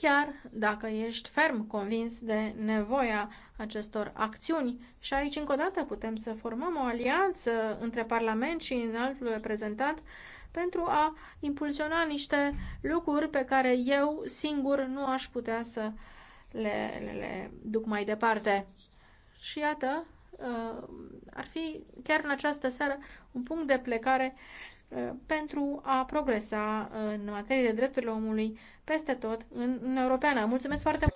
chiar dacă ești ferm convins de nevoia acestor acțiuni. Și aici, încă o dată, putem să formăm o alianță între Parlament și înaltul reprezentant pentru a impulsiona niște lucruri pe care eu singur nu aș putea să le, le, le duc mai departe. Și iată, uh, ar fi chiar în această seară un punct de plecare uh, Uh, pentru a progresa în materie de drepturile omului peste tot în Uniunea Europeană. Mulțumesc foarte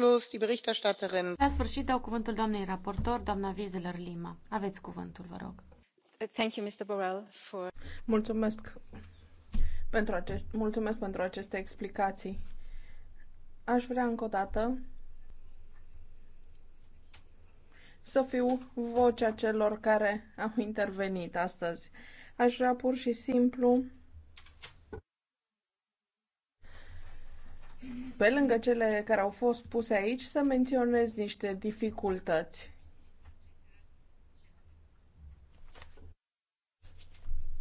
mult! La sfârșit dau cuvântul doamnei raportor, doamna Wieseler Lima. Aveți cuvântul, vă rog. Thank you, Mr. Borrell, for... Mulțumesc pentru, acest, mulțumesc pentru aceste explicații. Aș vrea încă o dată să fiu vocea celor care au intervenit astăzi Aș vrea pur și simplu pe lângă cele care au fost puse aici, să menționez niște dificultăți.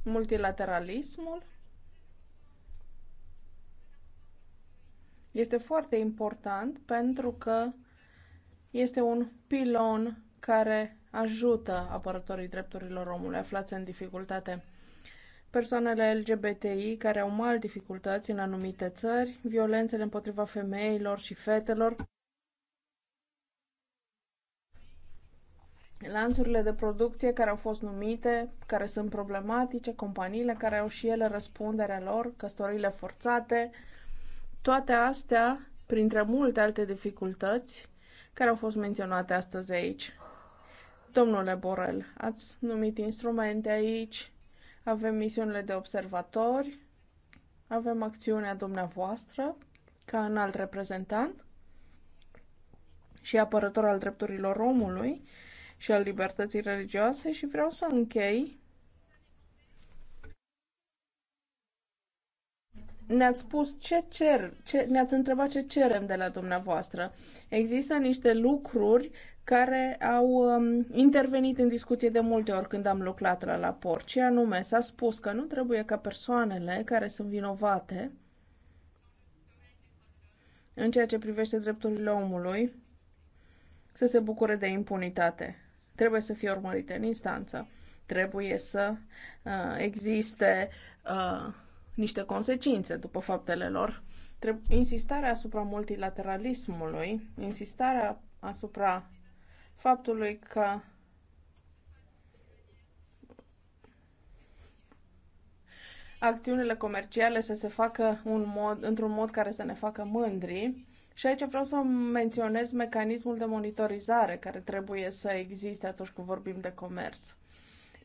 Multilateralismul este foarte important pentru că este un pilon care ajută apărătorii drepturilor omului aflați în dificultate persoanele LGBTI care au mari dificultăți în anumite țări, violențele împotriva femeilor și fetelor, lanțurile de producție care au fost numite, care sunt problematice, companiile care au și ele răspunderea lor, căsătorile forțate, toate astea, printre multe alte dificultăți care au fost menționate astăzi aici. Domnule Borel, ați numit instrumente aici, avem misiunile de observatori, avem acțiunea dumneavoastră ca înalt reprezentant și apărător al drepturilor omului și al libertății religioase și vreau să închei ne-ați spus ce cer, ce, ne-ați întrebat ce cerem de la dumneavoastră. Există niște lucruri care au um, intervenit în discuție de multe ori când am lucrat la raport. Și anume, s-a spus că nu trebuie ca persoanele care sunt vinovate în ceea ce privește drepturile omului să se bucure de impunitate. Trebuie să fie urmărite în instanță. Trebuie să uh, existe uh, niște consecințe după faptele lor. Trebuie, insistarea asupra multilateralismului, insistarea asupra faptului că acțiunile comerciale să se facă un mod, într-un mod care să ne facă mândri. Și aici vreau să menționez mecanismul de monitorizare care trebuie să existe atunci când vorbim de comerț.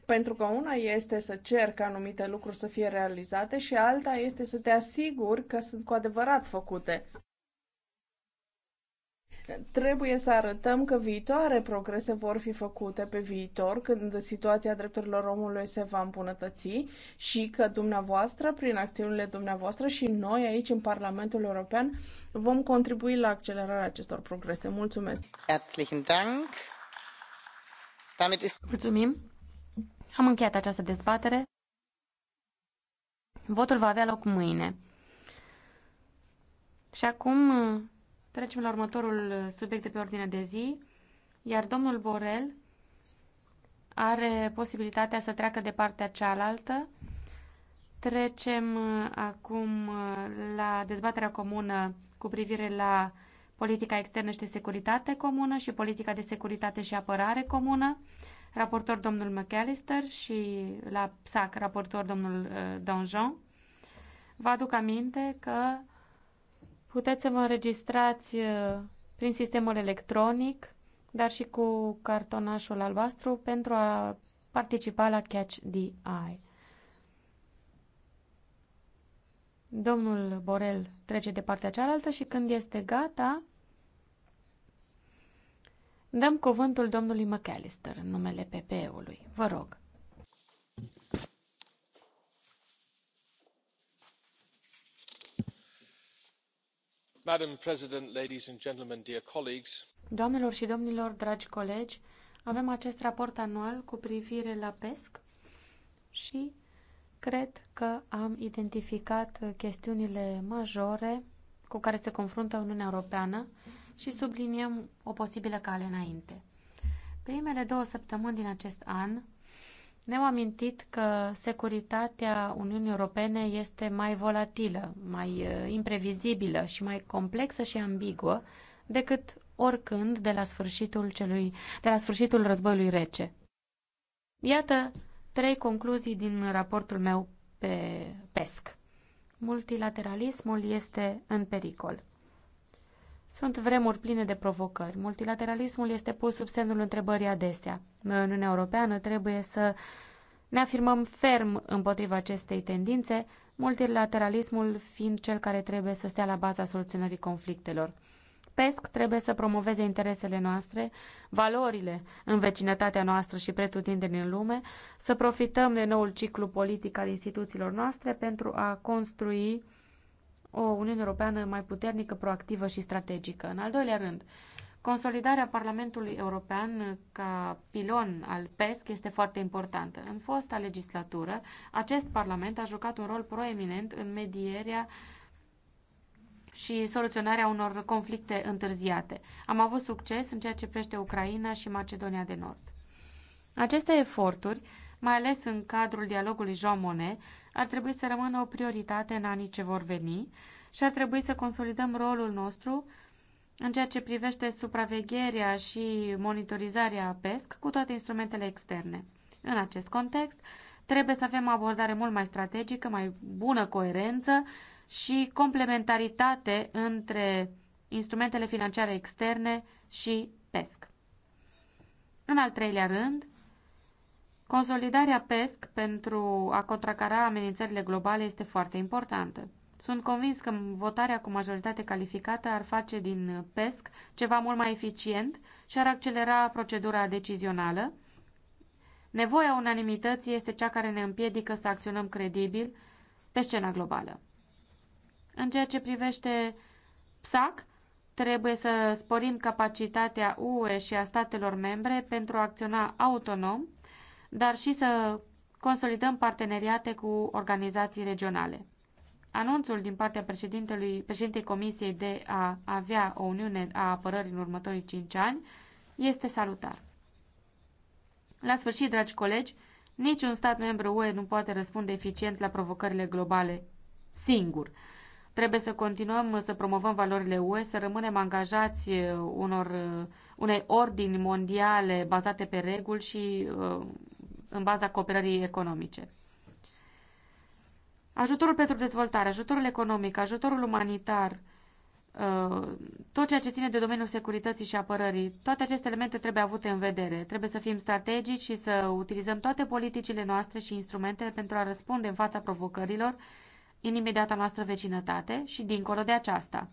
Pentru că una este să cer ca anumite lucruri să fie realizate și alta este să te asiguri că sunt cu adevărat făcute. Trebuie să arătăm că viitoare progrese vor fi făcute pe viitor, când situația drepturilor omului se va îmbunătăți și că dumneavoastră, prin acțiunile dumneavoastră și noi aici în Parlamentul European, vom contribui la accelerarea acestor progrese. Mulțumesc! Herzlichen Dank! Damit ist... Mulțumim! Am încheiat această dezbatere. Votul va avea loc mâine. Și acum Trecem la următorul subiect de pe ordinea de zi, iar domnul Borel are posibilitatea să treacă de partea cealaltă. Trecem uh, acum uh, la dezbaterea comună cu privire la politica externă și de securitate comună și politica de securitate și apărare comună, raportor domnul McAllister și la PSAC raportor domnul uh, Donjon. Vă aduc aminte că Puteți să vă înregistrați uh, prin sistemul electronic, dar și cu cartonașul albastru pentru a participa la Catch the Eye. Domnul Borel trece de partea cealaltă și când este gata, dăm cuvântul domnului McAllister în numele PP-ului. Vă rog. doamnelor și domnilor dragi colegi avem acest raport anual cu privire la pesc și cred că am identificat chestiunile majore cu care se confruntă uniunea europeană și subliniem o posibilă cale înainte. primele două săptămâni din acest an ne au amintit că securitatea Uniunii Europene este mai volatilă, mai uh, imprevizibilă și mai complexă și ambiguă decât oricând de la sfârșitul, celui, de la sfârșitul războiului rece. Iată trei concluzii din raportul meu pe PESC. Multilateralismul este în pericol. Sunt vremuri pline de provocări. Multilateralismul este pus sub semnul întrebării adesea. Noi, Uniunea Europeană, trebuie să ne afirmăm ferm împotriva acestei tendințe, multilateralismul fiind cel care trebuie să stea la baza soluționării conflictelor. PESC trebuie să promoveze interesele noastre, valorile în vecinătatea noastră și pretutindeni în lume, să profităm de noul ciclu politic al instituțiilor noastre pentru a construi o Uniune Europeană mai puternică, proactivă și strategică. În al doilea rând, consolidarea Parlamentului European ca pilon al PESC este foarte importantă. În fosta legislatură, acest Parlament a jucat un rol proeminent în medierea și soluționarea unor conflicte întârziate. Am avut succes în ceea ce prește Ucraina și Macedonia de Nord. Aceste eforturi, mai ales în cadrul dialogului Jean Monnet, ar trebui să rămână o prioritate în anii ce vor veni și ar trebui să consolidăm rolul nostru în ceea ce privește supravegherea și monitorizarea PESC cu toate instrumentele externe. În acest context, trebuie să avem o abordare mult mai strategică, mai bună coerență și complementaritate între instrumentele financiare externe și PESC. În al treilea rând, Consolidarea PESC pentru a contracara amenințările globale este foarte importantă. Sunt convins că votarea cu majoritate calificată ar face din PESC ceva mult mai eficient și ar accelera procedura decizională. Nevoia unanimității este cea care ne împiedică să acționăm credibil pe scena globală. În ceea ce privește PSAC, trebuie să sporim capacitatea UE și a statelor membre pentru a acționa autonom dar și să consolidăm parteneriate cu organizații regionale. Anunțul din partea președintelui, președintei Comisiei de a avea o Uniune a Apărării în următorii cinci ani este salutar. La sfârșit, dragi colegi, niciun stat membru UE nu poate răspunde eficient la provocările globale singur. Trebuie să continuăm să promovăm valorile UE, să rămânem angajați uh, unor, uh, unei ordini mondiale bazate pe reguli și uh, în baza cooperării economice. Ajutorul pentru dezvoltare, ajutorul economic, ajutorul umanitar, uh, tot ceea ce ține de domeniul securității și apărării, toate aceste elemente trebuie avute în vedere. Trebuie să fim strategici și să utilizăm toate politicile noastre și instrumentele pentru a răspunde în fața provocărilor în imediata noastră vecinătate și dincolo de aceasta.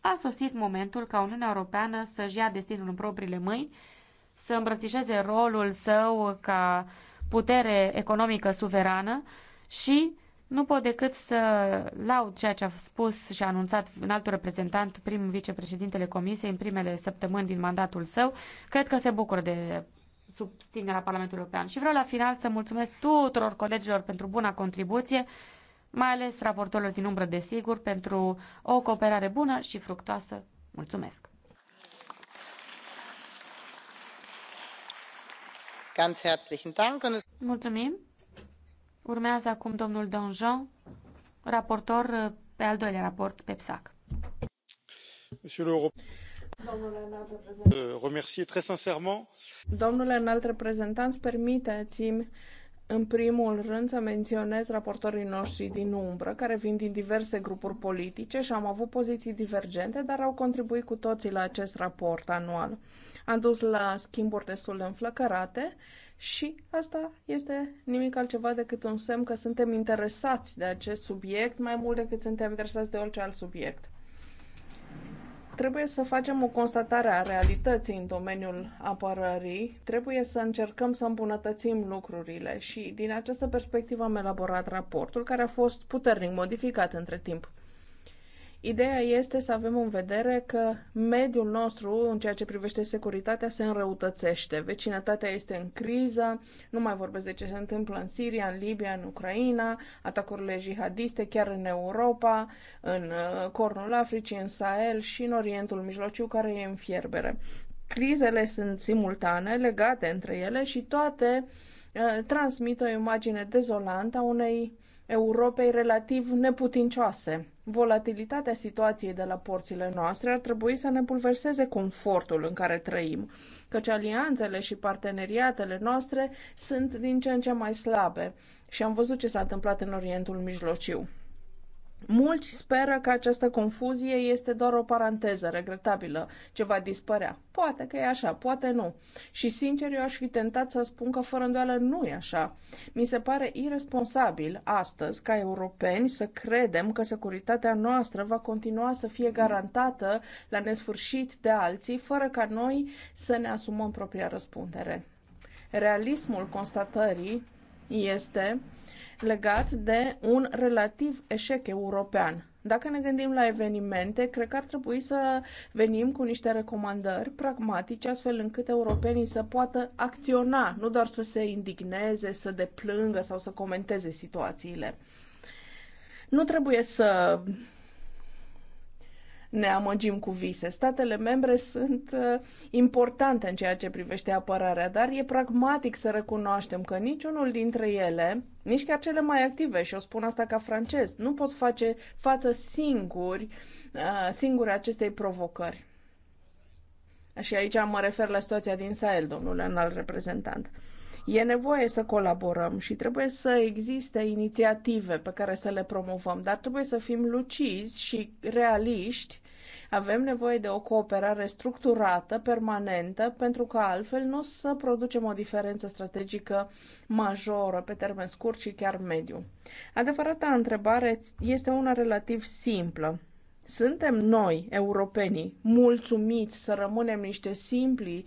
A sosit momentul ca Uniunea Europeană să-și ia destinul în propriile mâini, să îmbrățișeze rolul său ca uh, putere economică suverană și nu pot decât să laud ceea ce a spus și a anunțat în altul reprezentant, prim vicepreședintele Comisiei, în primele săptămâni din mandatul său. Cred că se bucură de susținerea Parlamentului European. Și vreau la final să mulțumesc tuturor colegilor pentru buna contribuție, mai ales raportorilor din umbră, desigur, pentru o cooperare bună și fructoasă. Mulțumesc! Ganz herzlichen Dank. Mulțumim. Urmează acum domnul Donjon, raportor eh, pe al doilea raport, pe PEPSAC. Domnule înalt reprezentant, euh, permiteți-mi în primul rând să menționez raportorii noștri din umbră, care vin din diverse grupuri politice și am avut poziții divergente, dar au contribuit cu toții la acest raport anual a dus la schimburi destul de înflăcărate și asta este nimic altceva decât un semn că suntem interesați de acest subiect mai mult decât suntem interesați de orice alt subiect. Trebuie să facem o constatare a realității în domeniul apărării, trebuie să încercăm să îmbunătățim lucrurile și din această perspectivă am elaborat raportul care a fost puternic modificat între timp. Ideea este să avem în vedere că mediul nostru, în ceea ce privește securitatea, se înrăutățește. Vecinătatea este în criză, nu mai vorbesc de ce se întâmplă în Siria, în Libia, în Ucraina, atacurile jihadiste chiar în Europa, în uh, Cornul Africii, în Sahel și în Orientul Mijlociu, care e în fierbere. Crizele sunt simultane, legate între ele și toate uh, transmit o imagine dezolantă a unei Europei relativ neputincioase. Volatilitatea situației de la porțile noastre ar trebui să ne bulverseze confortul în care trăim, căci alianțele și parteneriatele noastre sunt din ce în ce mai slabe și am văzut ce s-a întâmplat în Orientul Mijlociu. Mulți speră că această confuzie este doar o paranteză regretabilă ce va dispărea. Poate că e așa, poate nu. Și sincer, eu aș fi tentat să spun că fără îndoială nu e așa. Mi se pare irresponsabil astăzi, ca europeni, să credem că securitatea noastră va continua să fie garantată la nesfârșit de alții, fără ca noi să ne asumăm propria răspundere. Realismul constatării este legat de un relativ eșec european. Dacă ne gândim la evenimente, cred că ar trebui să venim cu niște recomandări pragmatice, astfel încât europenii să poată acționa, nu doar să se indigneze, să deplângă sau să comenteze situațiile. Nu trebuie să ne amăgim cu vise. Statele membre sunt uh, importante în ceea ce privește apărarea, dar e pragmatic să recunoaștem că niciunul dintre ele, nici chiar cele mai active, și o spun asta ca francez, nu pot face față singuri, uh, singuri acestei provocări. Și aici mă refer la situația din Sahel, domnule înalt reprezentant. E nevoie să colaborăm și trebuie să existe inițiative pe care să le promovăm, dar trebuie să fim lucizi și realiști. Avem nevoie de o cooperare structurată, permanentă, pentru că altfel nu o să producem o diferență strategică majoră pe termen scurt și chiar mediu. Adevărata întrebare este una relativ simplă. Suntem noi, europenii, mulțumiți să rămânem niște simpli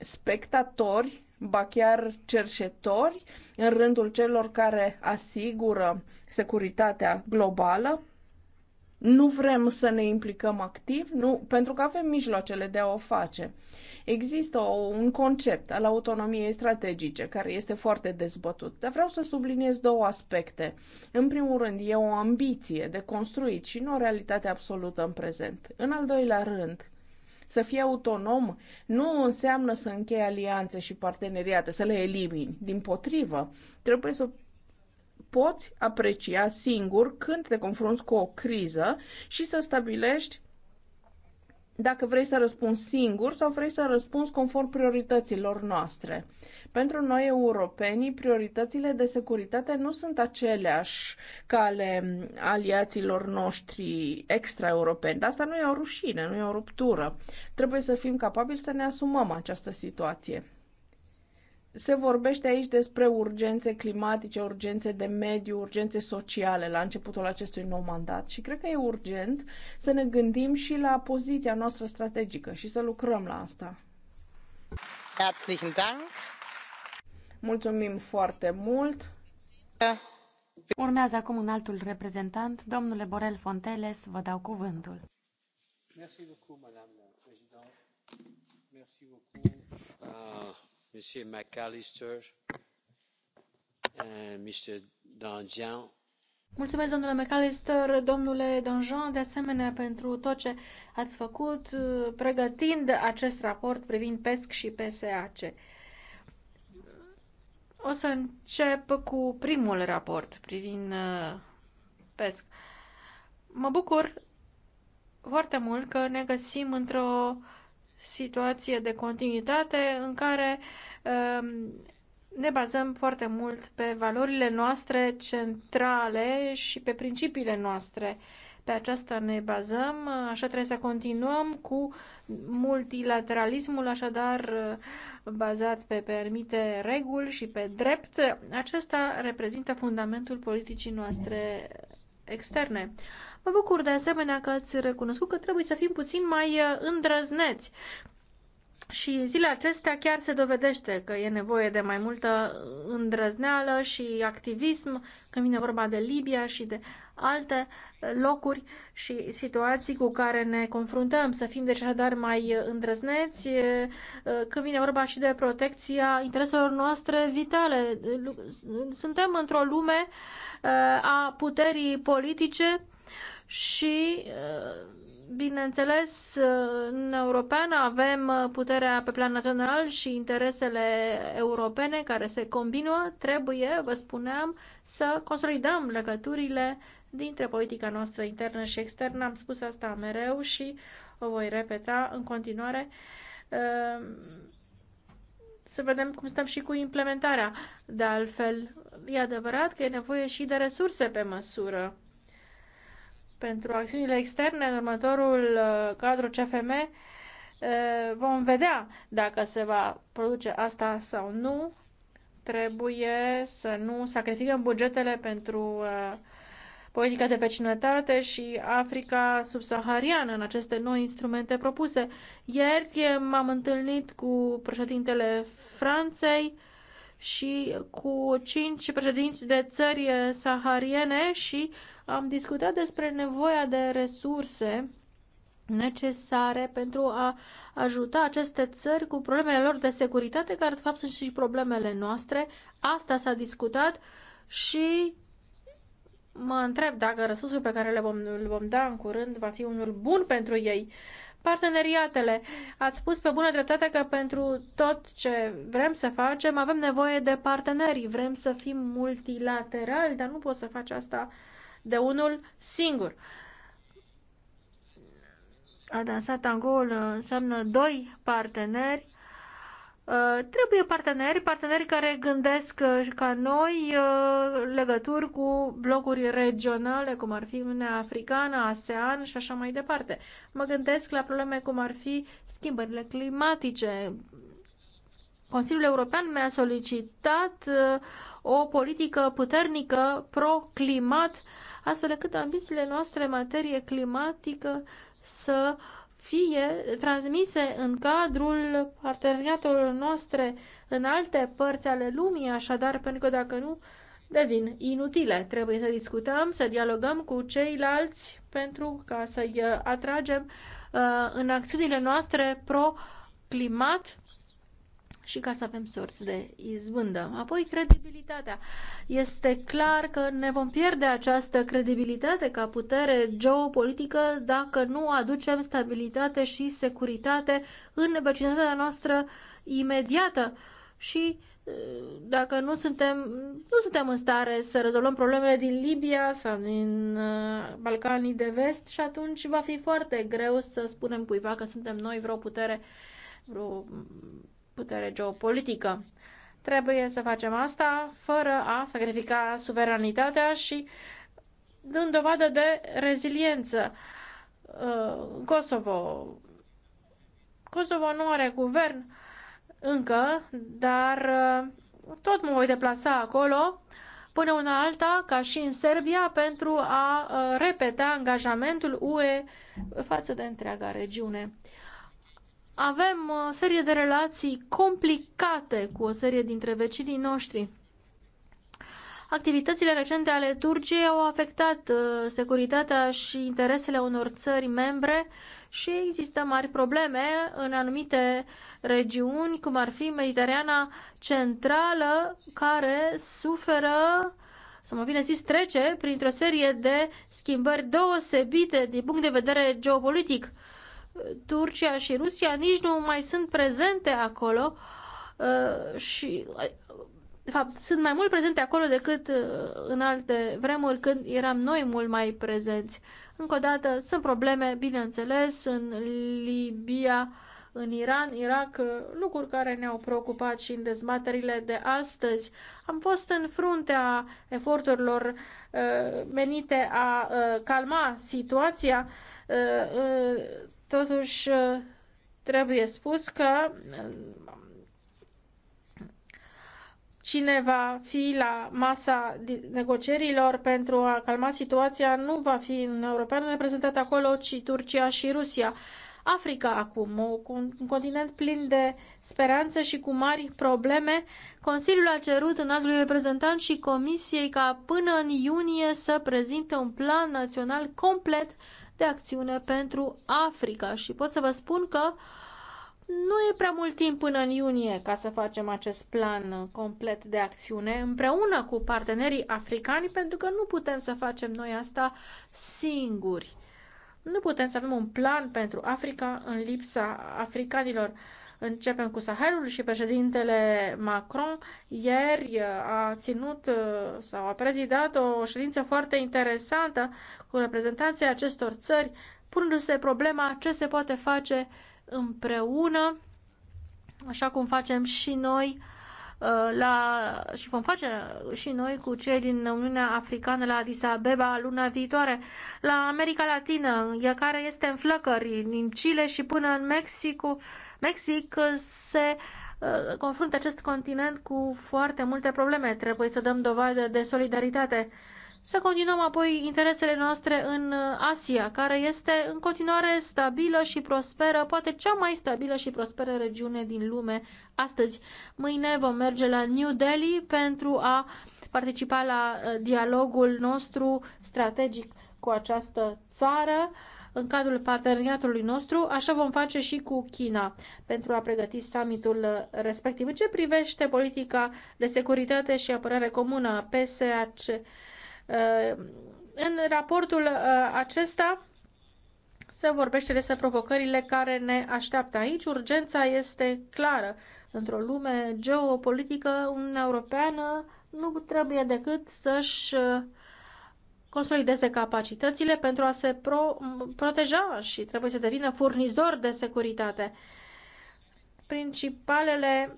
spectatori ba chiar cercetori în rândul celor care asigură securitatea globală. Nu vrem să ne implicăm activ, nu, pentru că avem mijloacele de a o face. Există o, un concept al autonomiei strategice care este foarte dezbătut, dar vreau să subliniez două aspecte. În primul rând, e o ambiție de construit și nu o realitate absolută în prezent. În al doilea rând, să fii autonom nu înseamnă să închei alianțe și parteneriate, să le elimini. Din potrivă, trebuie să poți aprecia singur când te confrunți cu o criză și să stabilești dacă vrei să răspunzi singur sau vrei să răspunzi conform priorităților noastre. Pentru noi, europenii, prioritățile de securitate nu sunt aceleași ca ale aliaților noștri extraeuropeni. Dar asta nu e o rușine, nu e o ruptură. Trebuie să fim capabili să ne asumăm această situație. Se vorbește aici despre urgențe climatice, urgențe de mediu, urgențe sociale la începutul acestui nou mandat și cred că e urgent să ne gândim și la poziția noastră strategică și să lucrăm la asta. Herzlichen Dank. Mulțumim foarte mult. Urmează acum un altul reprezentant, domnule Borel Fonteles, vă dau cuvântul. Merci beaucoup, madame la Merci beaucoup. Uh Mulțumesc, domnule McAllister, domnule danjean de asemenea pentru tot ce ați făcut pregătind acest raport privind PESC și PSAC. O să încep cu primul raport privind uh, PESC. Mă bucur foarte mult că ne găsim într-o situație de continuitate în care um, ne bazăm foarte mult pe valorile noastre centrale și pe principiile noastre. Pe aceasta ne bazăm, așa trebuie să continuăm cu multilateralismul, așadar uh, bazat pe, pe anumite reguli și pe drept. Acesta reprezintă fundamentul politicii noastre externe. Mă bucur de asemenea că ați recunoscut că trebuie să fim puțin mai uh, îndrăzneți. Și zilele acestea chiar se dovedește că e nevoie de mai multă îndrăzneală și activism când vine vorba de Libia și de alte uh, locuri și situații cu care ne confruntăm. Să fim deci așadar mai uh, îndrăzneți când vine vorba și de protecția intereselor noastre vitale. Suntem într-o lume a puterii politice și, uh, bineînțeles, uh, în Europeană avem uh, puterea pe plan național și interesele europene care se combină. Trebuie, vă spuneam, să consolidăm legăturile dintre politica noastră internă și externă. Am spus asta mereu și o voi repeta în continuare. Să vedem cum stăm și cu implementarea. De altfel, e adevărat că e nevoie și de resurse pe măsură pentru acțiunile externe în următorul uh, cadru CFM, uh, vom vedea dacă se va produce asta sau nu. Trebuie să nu sacrificăm bugetele pentru uh, politica de vecinătate și Africa subsahariană în aceste noi instrumente propuse. Ieri m-am întâlnit cu președintele Franței și cu cinci președinți de țări sahariene și uh, am discutat despre nevoia de resurse necesare pentru a ajuta aceste țări cu problemele lor de securitate, care de fapt sunt și problemele noastre. Asta s-a discutat și mă întreb dacă resursul pe care le vom, le vom da în curând va fi unul bun pentru ei. Parteneriatele. Ați spus pe bună dreptate că pentru tot ce vrem să facem avem nevoie de parteneri. Vrem să fim multilaterali, dar nu poți să faci asta uh, de unul singur. A dansat tangoul uh, înseamnă doi parteneri. Uh, trebuie parteneri, parteneri care gândesc uh, ca noi legături cu blocuri regionale, cum ar fi Uniunea Africană, ASEAN și așa mai departe. Mă gândesc la probleme cum ar fi schimbările climatice, Consiliul European mi-a solicitat uh, o politică puternică pro-climat, astfel încât ambițiile noastre în materie climatică să fie transmise în cadrul parteneriatelor noastre în alte părți ale lumii, așadar, pentru că dacă nu, devin inutile. Trebuie să discutăm, să dialogăm cu ceilalți pentru ca să-i atragem uh, în acțiunile noastre pro-climat și ca să avem sorți de izbândă. Apoi, credibilitatea. Este clar că ne vom pierde această credibilitate ca putere geopolitică dacă nu aducem stabilitate și securitate în vecinătatea noastră imediată și uh, dacă nu suntem, nu suntem în stare să rezolvăm problemele din Libia sau din uh, Balcanii de vest și atunci va fi foarte greu să spunem cuiva că suntem noi vreo putere, vreo putere geopolitică. Trebuie să facem asta fără a sacrifica suveranitatea și dând dovadă de reziliență. Uh, Kosovo. Kosovo nu are guvern încă, dar uh, tot mă voi deplasa acolo până una alta, ca și în Serbia, pentru a uh, repeta angajamentul UE față de întreaga regiune avem o uh, serie de relații complicate cu o serie dintre vecinii noștri. Activitățile recente ale Turciei au afectat uh, securitatea și interesele unor țări membre și există mari probleme în anumite regiuni, cum ar fi Mediterana Centrală, care suferă să mă bine zis, trece printr-o serie de schimbări deosebite din punct de vedere geopolitic Turcia și Rusia nici nu mai sunt prezente acolo uh, și de fapt, sunt mai mult prezente acolo decât uh, în alte vremuri când eram noi mult mai prezenți. Încă o dată, sunt probleme, bineînțeles, în Libia, în Iran, Irak, uh, lucruri care ne-au preocupat și în dezbaterile de astăzi. Am fost în fruntea eforturilor menite a calma situația. Totuși, trebuie spus că cine va fi la masa negocierilor pentru a calma situația nu va fi în Europeană reprezentat acolo, ci Turcia și Rusia. Africa acum, un continent plin de speranță și cu mari probleme. Consiliul a cerut înaltului reprezentant și Comisiei ca până în iunie să prezinte un plan național complet de acțiune pentru Africa și pot să vă spun că nu e prea mult timp până în iunie ca să facem acest plan complet de acțiune împreună cu partenerii africani pentru că nu putem să facem noi asta singuri. Nu putem să avem un plan pentru Africa în lipsa africanilor. Începem cu Sahelul și președintele Macron ieri uh, a ținut uh, sau a prezidat o ședință foarte interesantă cu reprezentanții acestor țări, punându-se problema ce se poate face împreună, așa cum facem și noi uh, la, și vom face și noi cu cei din Uniunea Africană la Addis Abeba luna viitoare, la America Latină, care este în flăcări, din Chile și până în Mexico, Mexic se uh, confruntă acest continent cu foarte multe probleme. Trebuie să dăm dovadă de solidaritate. Să continuăm apoi interesele noastre în uh, Asia, care este în continuare stabilă și prosperă, poate cea mai stabilă și prosperă regiune din lume astăzi. Mâine vom merge la New Delhi pentru a participa la uh, dialogul nostru strategic cu această țară în cadrul parteneriatului nostru, așa vom face și cu China pentru a pregăti summitul respectiv. În ce privește politica de securitate și apărare comună, PSAC, eh, în raportul eh, acesta se vorbește despre provocările care ne așteaptă aici. Urgența este clară. Într-o lume geopolitică, Uniunea Europeană nu trebuie decât să-și eh, consolideze capacitățile pentru a se pro, proteja și trebuie să devină furnizor de securitate. Principalele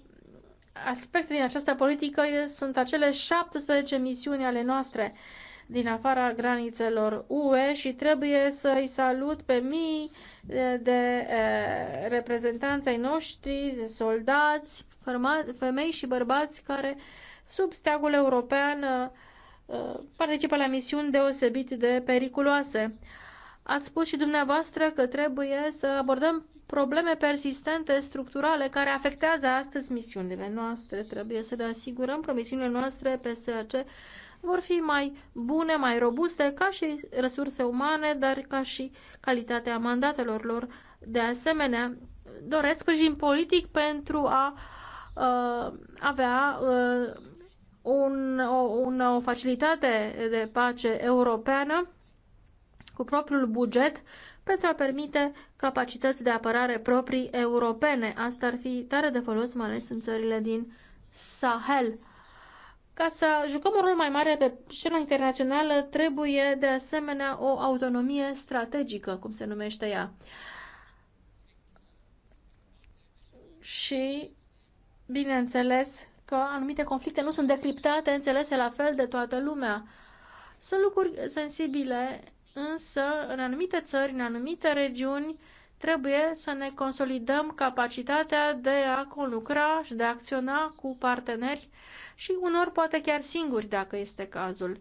aspecte din această politică sunt acele 17 misiuni ale noastre din afara granițelor UE și trebuie să-i salut pe mii de reprezentanți ai noștri, de soldați, femei și bărbați care sub steagul european participă la misiuni deosebit de periculoase. Ați spus și dumneavoastră că trebuie să abordăm probleme persistente, structurale, care afectează astăzi misiunile noastre. Trebuie să ne asigurăm că misiunile noastre PSAC vor fi mai bune, mai robuste, ca și resurse umane, dar ca și calitatea mandatelor lor. De asemenea, doresc sprijin politic pentru a uh, avea uh, un, o, un, o facilitate de pace europeană cu propriul buget pentru a permite capacități de apărare proprii europene. Asta ar fi tare de folos, mai ales în țările din Sahel. Ca să jucăm un rol mai mare pe scena internațională, trebuie de asemenea o autonomie strategică, cum se numește ea. Și, bineînțeles, că anumite conflicte nu sunt decriptate, înțelese la fel de toată lumea. Sunt lucruri sensibile, însă în anumite țări, în anumite regiuni, trebuie să ne consolidăm capacitatea de a conlucra și de a acționa cu parteneri și unor poate chiar singuri, dacă este cazul.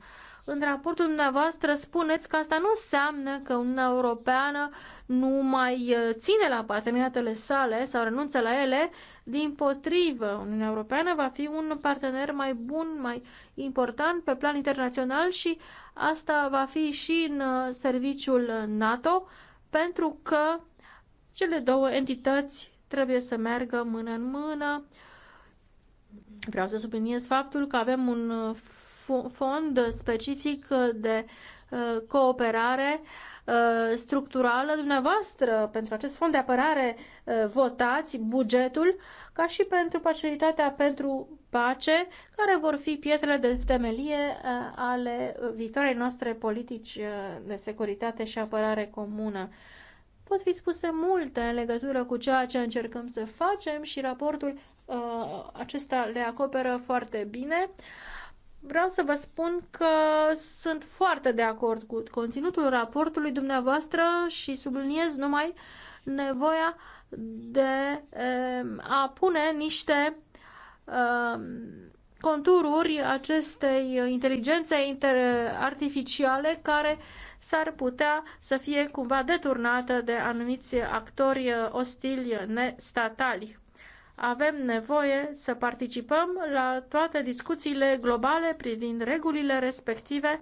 În raportul dumneavoastră spuneți că asta nu înseamnă că Uniunea Europeană nu mai uh, ține la parteneriatele sale sau renunță la ele. Din potrivă, Uniunea Europeană va fi un partener mai bun, mai important pe plan internațional și asta va fi și în uh, serviciul NATO, pentru că cele două entități trebuie să meargă mână în mână. Vreau să subliniez faptul că avem un uh, fond specific de uh, cooperare uh, structurală. Dumneavoastră, pentru acest fond de apărare, uh, votați bugetul, ca și pentru facilitatea pentru pace, care vor fi pietrele de temelie ale viitoarei noastre politici de securitate și apărare comună. Pot fi spuse multe în legătură cu ceea ce încercăm să facem și raportul acesta le acoperă foarte bine. Vreau să vă spun că sunt foarte de acord cu conținutul raportului dumneavoastră și subliniez numai nevoia de ehm, a pune niște ehm, contururi acestei inteligențe artificiale care s-ar putea să fie cumva deturnată de anumiți actori eh, ostili nestatali avem nevoie să participăm la toate discuțiile globale privind regulile respective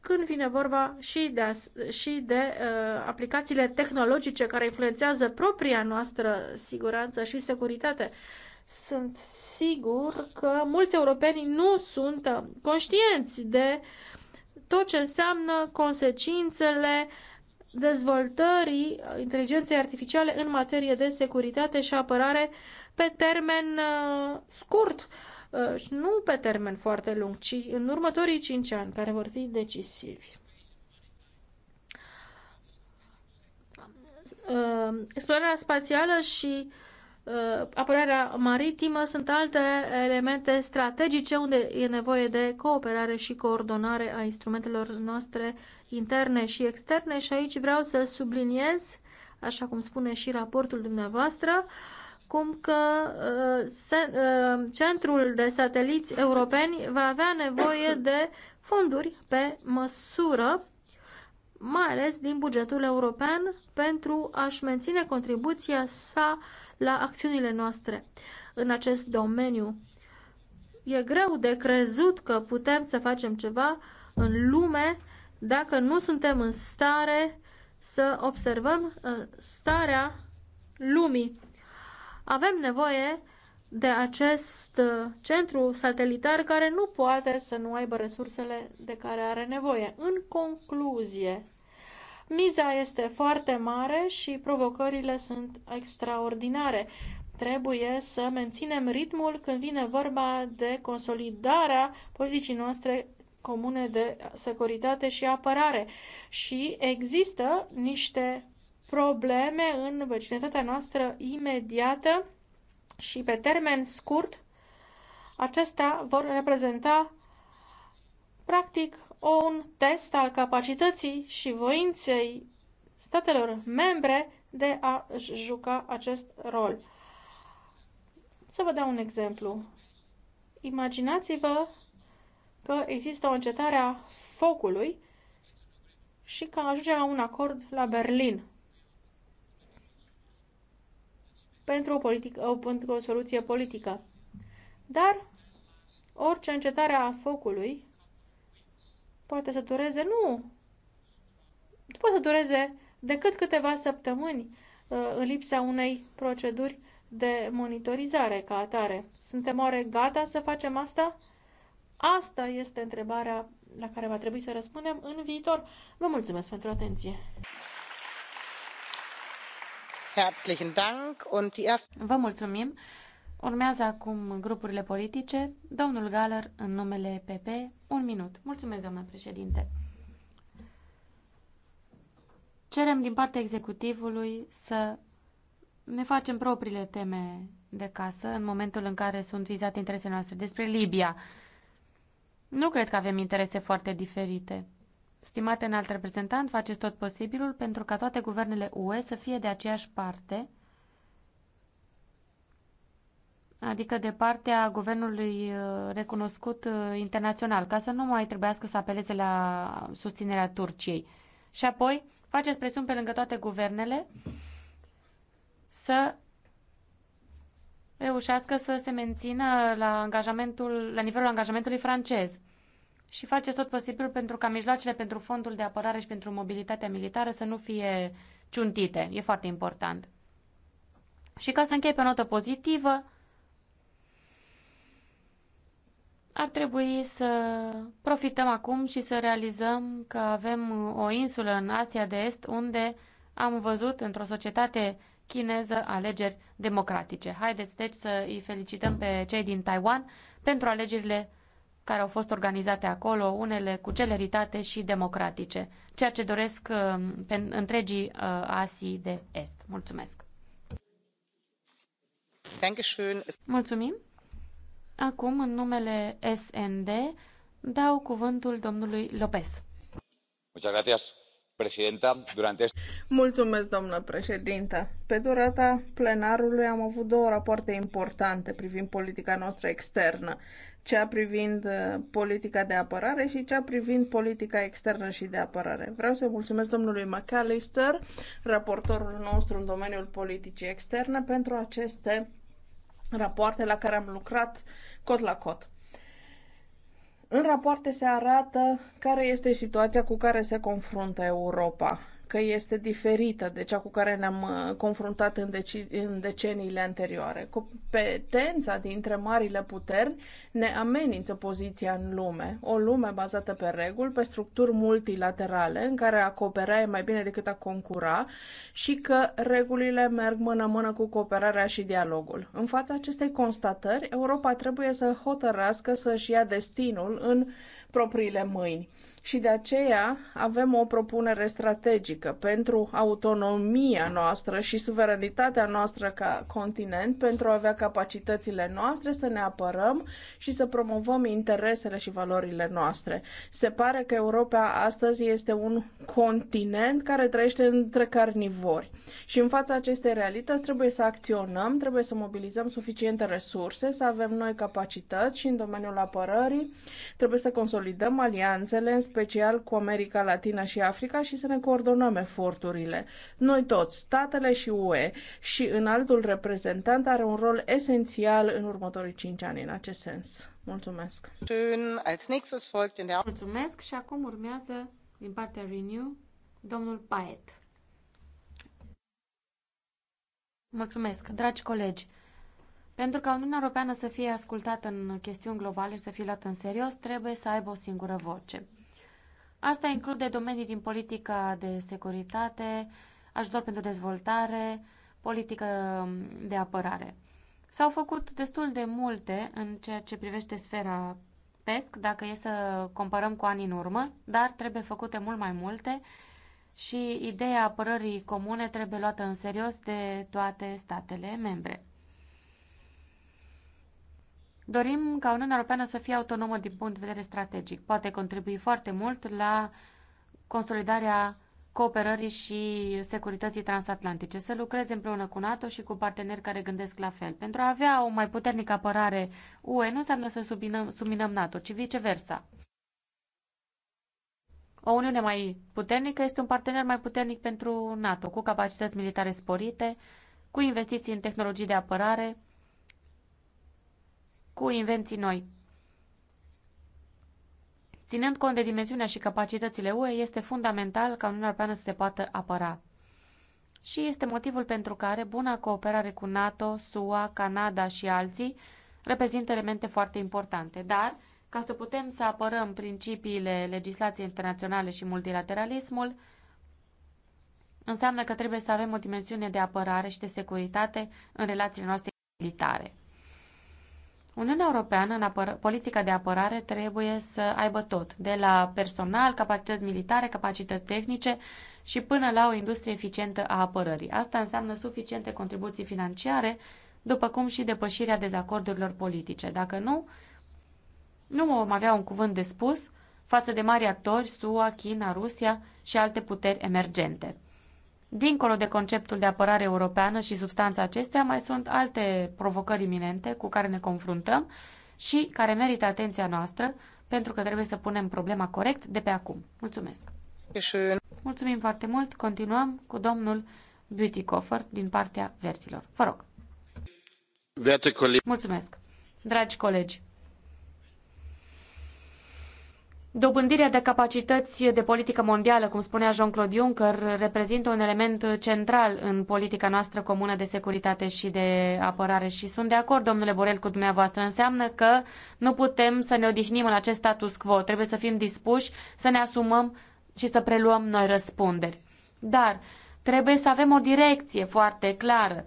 când vine vorba și de, și de uh, aplicațiile tehnologice care influențează propria noastră siguranță și securitate. Sunt sigur că mulți europeni nu sunt conștienți de tot ce înseamnă consecințele uh, dezvoltării inteligenței artificiale în materie de securitate și apărare pe termen uh, scurt uh, și nu pe termen foarte lung, ci în următorii 5 ani, care vor fi decisivi. Uh, explorarea spațială și uh, Uh, apărarea maritimă sunt alte elemente strategice unde e nevoie de cooperare și coordonare a instrumentelor noastre interne și externe și aici vreau să subliniez, așa cum spune și raportul dumneavoastră, cum că uh, uh, centrul de sateliți europeni va avea nevoie de fonduri pe măsură mai ales din bugetul european, pentru a-și menține contribuția sa uh, la acțiunile noastre în acest domeniu. E greu de crezut că putem să facem ceva în lume dacă nu suntem în stare să observăm uh, starea lumii. Avem nevoie de acest uh, centru satelitar care nu poate să nu aibă resursele de care are nevoie. În concluzie, Miza este foarte mare și provocările sunt extraordinare. Trebuie să menținem ritmul când vine vorba de consolidarea politicii noastre comune de securitate și apărare. Și există niște probleme în vecinătatea noastră imediată și pe termen scurt. Acestea vor reprezenta practic un test al capacității și voinței statelor membre de a juca acest rol. Să vă dau un exemplu. Imaginați-vă că există o încetare a focului și că ajungem la un acord la Berlin pentru o, politică, o, pentru o soluție politică. Dar orice încetare a focului poate să dureze, nu, nu poate să dureze decât câteva săptămâni uh, în lipsa unei proceduri de monitorizare ca atare. Suntem oare gata să facem asta? Asta este întrebarea la care va trebui să răspundem în viitor. Vă mulțumesc pentru atenție! Vă mulțumim! Urmează acum grupurile politice. Domnul Galer, în numele PP, un minut. Mulțumesc, doamna președinte. Cerem din partea executivului să ne facem propriile teme de casă în momentul în care sunt vizate interesele noastre. Despre Libia, nu cred că avem interese foarte diferite. Stimate înalt reprezentant, faceți tot posibilul pentru ca toate guvernele UE să fie de aceeași parte – adică de partea guvernului uh, recunoscut uh, internațional, ca să nu mai trebuiască să apeleze la susținerea Turciei. Și apoi faceți presiuni pe lângă toate guvernele să reușească să se mențină la, angajamentul, la nivelul angajamentului francez și faceți tot posibilul pentru ca mijloacele pentru fondul de apărare și pentru mobilitatea militară să nu fie ciuntite. E foarte important. Și ca să închei pe o notă pozitivă, ar trebui să profităm acum și să realizăm că avem o insulă în Asia de Est unde am văzut într-o societate chineză alegeri democratice. Haideți deci să îi felicităm pe cei din Taiwan pentru alegerile care au fost organizate acolo, unele cu celeritate și democratice, ceea ce doresc uh, pe întregii uh, Asii de Est. Mulțumesc! Mulțumim! Acum, în numele SND, dau cuvântul domnului Lopez. Muchas Mulțumesc, doamnă președintă. Pe durata plenarului am avut două rapoarte importante privind politica noastră externă, cea privind uh, politica de apărare și cea privind politica externă și de apărare. Vreau să mulțumesc domnului McAllister, raportorul nostru în domeniul politicii externe, pentru aceste rapoarte la care am lucrat cot la cot. În rapoarte se arată care este situația cu care se confruntă Europa că este diferită de cea cu care ne-am uh, confruntat în, deci- în deceniile anterioare. Competența dintre marile puteri ne amenință poziția în lume. O lume bazată pe reguli, pe structuri multilaterale, în care a coopera e mai bine decât a concura și că regulile merg mână-mână cu cooperarea și dialogul. În fața acestei constatări, Europa trebuie să hotărască să-și ia destinul în propriile mâini și de aceea avem o propunere strategică pentru autonomia noastră și suveranitatea noastră ca continent, pentru a avea capacitățile noastre să ne apărăm și să promovăm interesele și valorile noastre. Se pare că Europa astăzi este un continent care trăiește între carnivori și în fața acestei realități trebuie să acționăm, trebuie să mobilizăm suficiente resurse, să avem noi capacități și în domeniul apărării trebuie să consolidăm alianțele în special cu America Latina și Africa și să ne coordonăm eforturile. Noi toți, statele și UE și în altul reprezentant are un rol esențial în următorii cinci ani în acest sens. Mulțumesc! Mulțumesc și acum urmează din partea Renew domnul Paet. Mulțumesc, dragi colegi! Pentru ca Uniunea Europeană să fie ascultată în chestiuni globale și să fie luată în serios, trebuie să aibă o singură voce. Asta include domenii din politica de securitate, ajutor pentru dezvoltare, politică de apărare. S-au făcut destul de multe în ceea ce privește sfera PESC, dacă e să comparăm cu anii în urmă, dar trebuie făcute mult mai multe și ideea apărării comune trebuie luată în serios de toate statele membre. Dorim ca Uniunea Europeană să fie autonomă din punct de vedere strategic. Poate contribui foarte mult la consolidarea cooperării și securității transatlantice, să lucreze împreună cu NATO și cu parteneri care gândesc la fel. Pentru a avea o mai puternică apărare UE nu înseamnă să subminăm, subminăm NATO, ci viceversa. O Uniune mai puternică este un partener mai puternic pentru NATO, cu capacități militare sporite, cu investiții în tehnologii de apărare, cu invenții noi. Ținând cont de dimensiunea și capacitățile UE, este fundamental ca Uniunea Europeană să se poată apăra. Și este motivul pentru care buna cooperare cu NATO, SUA, Canada și alții reprezintă elemente foarte importante. Dar, ca să putem să apărăm principiile legislației internaționale și multilateralismul, înseamnă că trebuie să avem o dimensiune de apărare și de securitate în relațiile noastre militare. Uniunea Europeană, în apăr- politica de apărare, trebuie să aibă tot, de la personal, capacități militare, capacități tehnice și până la o industrie eficientă a apărării. Asta înseamnă suficiente contribuții financiare, după cum și depășirea dezacordurilor politice. Dacă nu, nu vom avea un cuvânt de spus față de mari actori, SUA, China, Rusia și alte puteri emergente. Dincolo de conceptul de apărare europeană și substanța acestuia, mai sunt alte provocări iminente cu care ne confruntăm și care merită atenția noastră, pentru că trebuie să punem problema corect de pe acum. Mulțumesc! Mulțumim foarte mult! Continuăm cu domnul Coffer din partea verzilor. Vă rog! Mulțumesc! Dragi colegi, Dobândirea de capacități de politică mondială, cum spunea Jean-Claude Juncker, reprezintă un element central în politica noastră comună de securitate și de apărare și sunt de acord, domnule Borel, cu dumneavoastră. Înseamnă că nu putem să ne odihnim în acest status quo. Trebuie să fim dispuși să ne asumăm și să preluăm noi răspunderi. Dar trebuie să avem o direcție foarte clară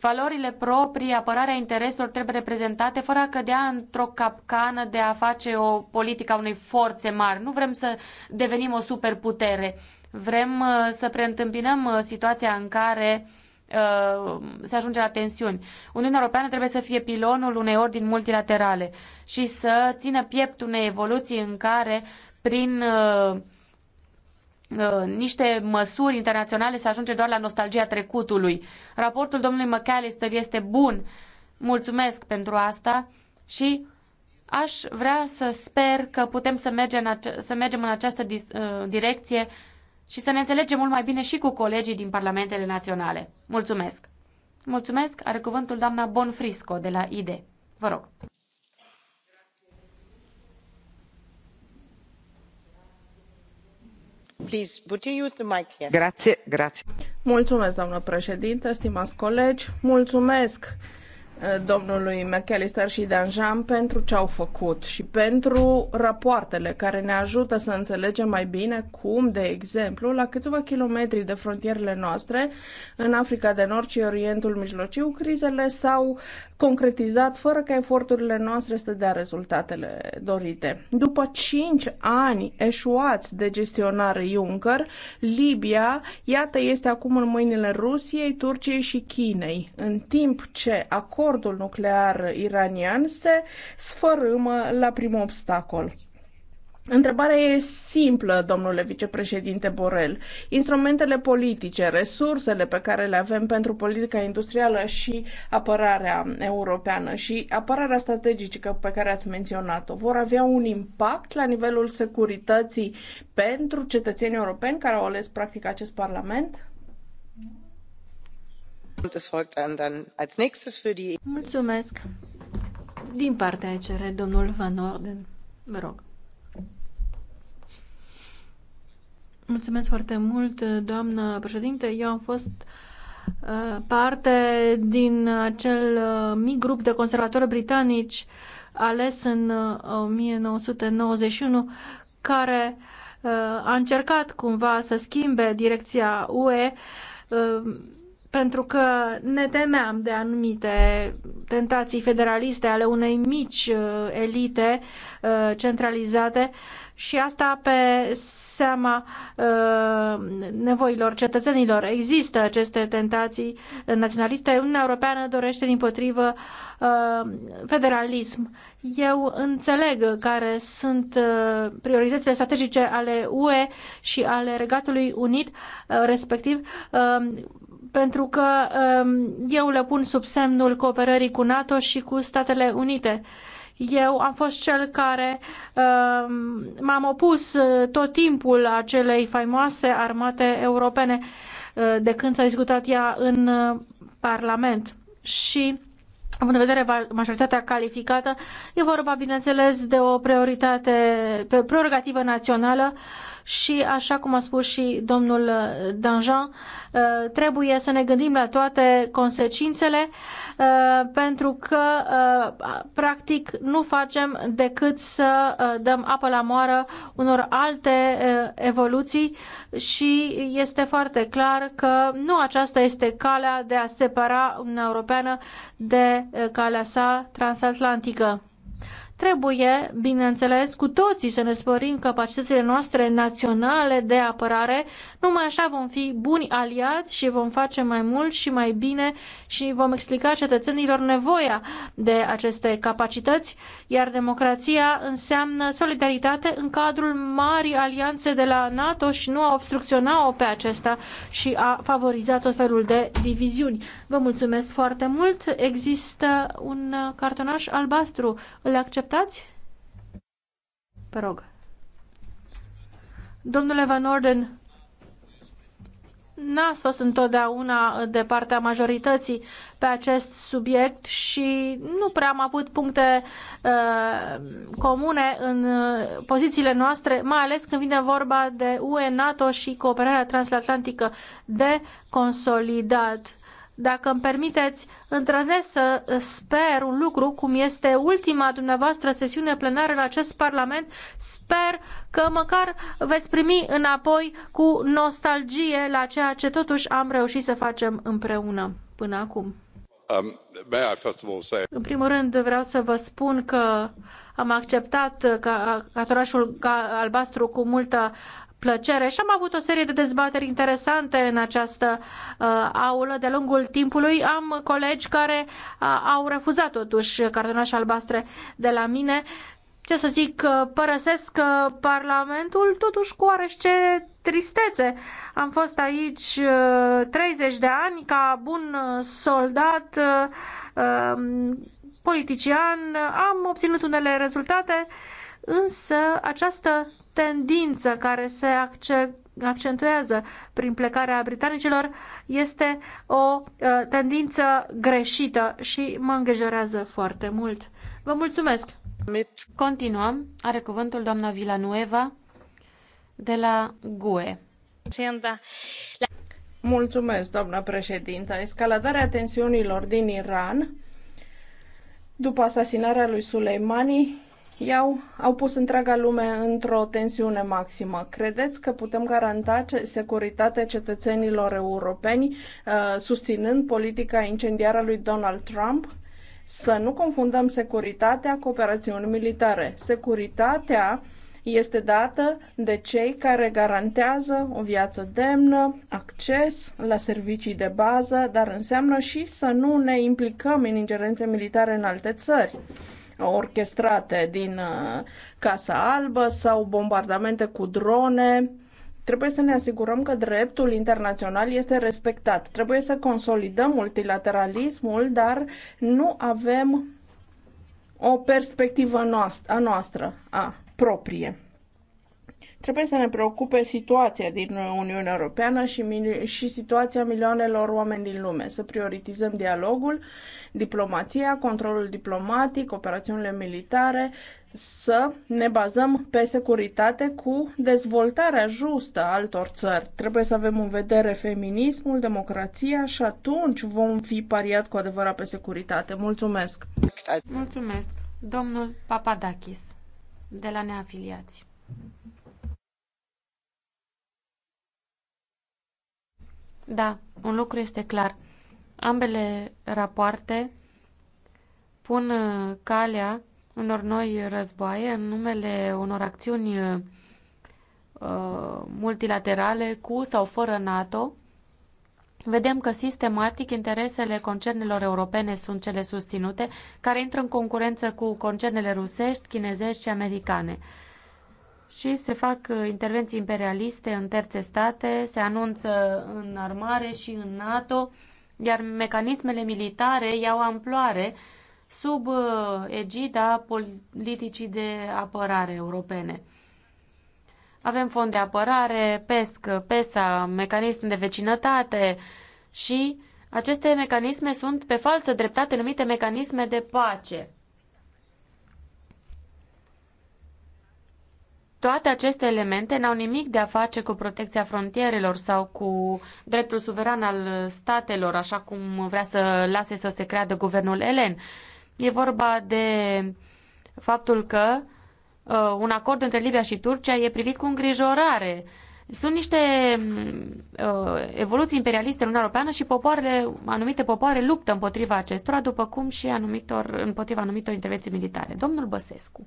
Valorile proprii, apărarea intereselor trebuie reprezentate fără a cădea într-o capcană de a face o politică a unei forțe mari. Nu vrem să devenim o superputere. Vrem uh, să preîntâmpinăm uh, situația în care uh, se ajunge la tensiuni. Uniunea Europeană trebuie să fie pilonul unei ordini multilaterale și să țină piept unei evoluții în care, prin Uh, niște măsuri internaționale să ajunge doar la nostalgia trecutului. Raportul domnului McAllister este bun. Mulțumesc pentru asta și aș vrea să sper că putem să mergem în, ace- să mergem în această uh, direcție și să ne înțelegem mult mai bine și cu colegii din parlamentele naționale. Mulțumesc! Mulțumesc! Are cuvântul doamna Bonfrisco de la IDE. Vă rog! doamnă președintă, stimați colegi. Mulțumesc eh, domnului McAllister și Danjean pentru ce au făcut și pentru rapoartele care ne ajută să înțelegem mai bine cum, de exemplu, la câțiva kilometri de frontierele noastre, în Africa de Nord și Orientul Mijlociu, crizele s-au concretizat fără ca eforturile noastre să dea rezultatele dorite. După 5 ani eșuați de gestionare Juncker, Libia, iată, este acum în mâinile Rusiei, Turciei și Chinei, în timp ce acordul nuclear iranian se sfărâmă la primul obstacol. Întrebarea e simplă, domnule vicepreședinte Borel. Instrumentele politice, resursele pe care le avem pentru politica industrială și apărarea europeană și apărarea strategică pe care ați menționat-o, vor avea un impact la nivelul securității pentru cetățenii europeni care au ales practic acest parlament? Mulțumesc. Din partea ECR, domnul Van Orden. Vă rog. Mulțumesc foarte mult, doamnă președinte. Eu am fost uh, parte din acel uh, mic grup de conservatori britanici ales în 1991 uh, care a încercat cumva să schimbe direcția UE pentru că ne temeam de anumite tentații federaliste ale unei mici elite centralizate și asta pe seama uh, nevoilor cetățenilor. Există aceste tentații naționaliste. Uniunea Europeană dorește din potrivă uh, federalism. Eu înțeleg care sunt uh, prioritățile strategice ale UE și ale Regatului Unit, uh, respectiv um, pentru că um, eu le pun sub semnul cooperării cu NATO și cu Statele Unite. Eu am fost cel care uh, m-am opus uh, tot timpul acelei faimoase armate europene uh, de când s-a discutat ea în uh, Parlament. Și având în vedere majoritatea calificată, e vorba, bineînțeles, de o prioritate, prerogativă națională uh, și, așa cum a spus și domnul uh, Danjean, uh, trebuie să ne gândim la toate consecințele uh, pentru că, practic, nu facem decât să dăm apă la moară unor alte evoluții și este foarte clar că nu aceasta este calea de a separa Uniunea Europeană de calea sa transatlantică. Trebuie, bineînțeles, cu toții să ne sporim capacitățile noastre naționale de apărare. Numai așa vom fi buni aliați și vom face mai mult și mai bine și vom explica cetățenilor nevoia de aceste capacități, iar democrația înseamnă solidaritate în cadrul marii alianțe de la NATO și nu a obstrucționa-o pe acesta și a favoriza tot felul de diviziuni. Vă mulțumesc foarte mult. Există un cartonaș albastru. Îl accept acceptați? Vă rog. Domnule Van Orden, n-ați fost întotdeauna de partea majorității pe acest subiect și nu prea am avut puncte uh, comune în uh, pozițiile noastre, mai ales când vine vorba de UE, NATO și cooperarea transatlantică de consolidat. Uh, dacă îmi permiteți, întrănesc să sper un lucru, cum este ultima dumneavoastră sesiune plenară în acest Parlament, sper că măcar veți primi înapoi cu nostalgie la ceea ce totuși am reușit să facem împreună până acum. Um, în primul rând vreau să vă spun că am acceptat catorașul albastru cu multă plăcere și am avut o serie de dezbateri interesante în această uh, aulă de-a lungul timpului. Am colegi care uh, au refuzat totuși cartonașe albastre de la mine. Ce să zic, uh, părăsesc uh, Parlamentul totuși cu oarește tristețe. Am fost aici 30 uh, de ani ca bun soldat, um, politician, am obținut unele rezultate, însă această tendință care se accentuează prin plecarea britanicilor este o uh, tendință greșită și mă îngrijorează foarte mult. Vă mulțumesc! Continuăm. Are cuvântul doamna Villanueva de la GUE. Mulțumesc, doamna președintă. Escaladarea tensiunilor din Iran după asasinarea lui Soleimani i-au au pus întreaga lume într-o tensiune maximă. Credeți că putem garanta securitatea cetățenilor europeni uh, susținând politica incendiară lui Donald Trump? Să nu confundăm securitatea cu operațiuni militare. Securitatea este dată de cei care garantează o viață demnă, acces la servicii de bază, dar înseamnă și să nu ne implicăm în ingerențe militare în alte țări orchestrate din uh, Casa Albă sau bombardamente cu drone. Trebuie să ne asigurăm că dreptul internațional este respectat. Trebuie să consolidăm multilateralismul, dar nu avem o perspectivă noastră, a noastră, a proprie. Trebuie să ne preocupe situația din Uniunea Europeană și, și situația milioanelor oameni din lume, să prioritizăm dialogul diplomația, controlul diplomatic, operațiunile militare, să ne bazăm pe securitate cu dezvoltarea justă a altor țări. Trebuie să avem în vedere feminismul, democrația și atunci vom fi pariat cu adevărat pe securitate. Mulțumesc! Mulțumesc! Domnul Papadakis, de la Neafiliați. Da, un lucru este clar. Ambele rapoarte pun uh, calea unor noi războaie în numele unor acțiuni uh, multilaterale cu sau fără NATO, vedem că sistematic interesele concernelor europene sunt cele susținute, care intră în concurență cu concernele rusești, chinezești și americane. Și se fac uh, intervenții imperialiste în terțe state, se anunță în armare și în NATO iar mecanismele militare iau amploare sub uh, egida politicii de apărare europene. Avem fond de apărare, PESC, PESA, mecanism de vecinătate și aceste mecanisme sunt pe falsă dreptate numite mecanisme de pace. Toate aceste elemente n-au nimic de a face cu protecția frontierelor sau cu dreptul suveran al statelor, așa cum vrea să lase să se creadă guvernul elen. E vorba de faptul că uh, un acord între Libia și Turcia e privit cu îngrijorare. Sunt niște uh, evoluții imperialiste în Uniunea Europeană și popoarele, anumite popoare luptă împotriva acestora, după cum și anumitor, împotriva anumitor intervenții militare. Domnul Băsescu.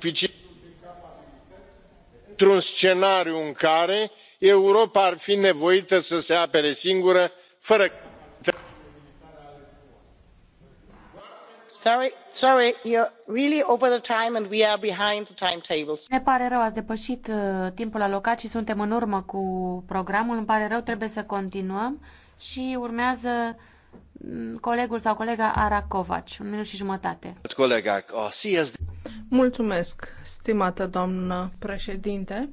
suficientul de capabilități într un scenariu în care europa ar fi nevoită să se apere singură fără ne pare rău ați depășit uh, timpul alocat și suntem în urmă cu programul îmi pare rău trebuie să continuăm și urmează colegul sau colega Ara Covaci. Un minut și jumătate. Mulțumesc, stimată doamnă președinte.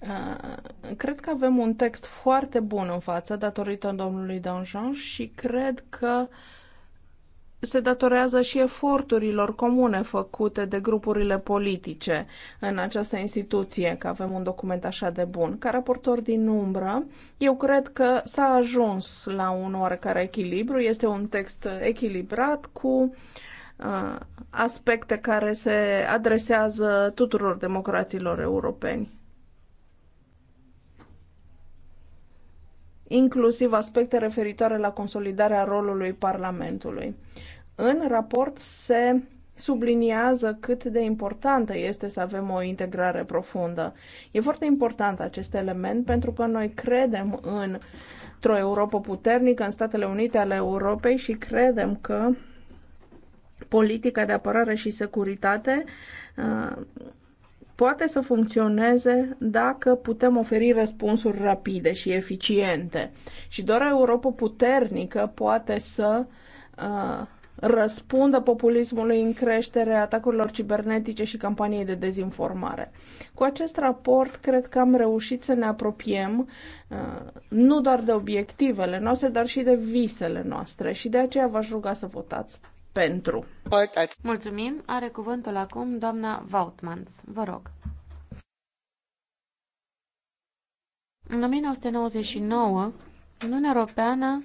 Uh, cred că avem un text foarte bun în față datorită domnului Donjon și cred că uh, se datorează și eforturilor comune făcute de grupurile politice în această instituție, că avem un document așa de bun. Ca raportor din umbră, eu cred că s-a ajuns la un oarecare echilibru. Este un text echilibrat cu uh, aspecte care se adresează tuturor democraților europeni. inclusiv aspecte referitoare la consolidarea rolului Parlamentului. În raport se subliniază cât de importantă este să avem o integrare profundă. E foarte important acest element pentru că noi credem în o Europa puternică în Statele Unite ale Europei și credem că politica de apărare și securitate uh, poate să funcționeze dacă putem oferi răspunsuri rapide și eficiente. Și doar Europa puternică poate să uh, răspundă populismului în creștere, atacurilor cibernetice și campaniei de dezinformare. Cu acest raport, cred că am reușit să ne apropiem uh, nu doar de obiectivele noastre, dar și de visele noastre și de aceea v-aș ruga să votați pentru. Mulțumim. Are cuvântul acum doamna Vautmans. Vă rog. În 1999, Uniunea Europeană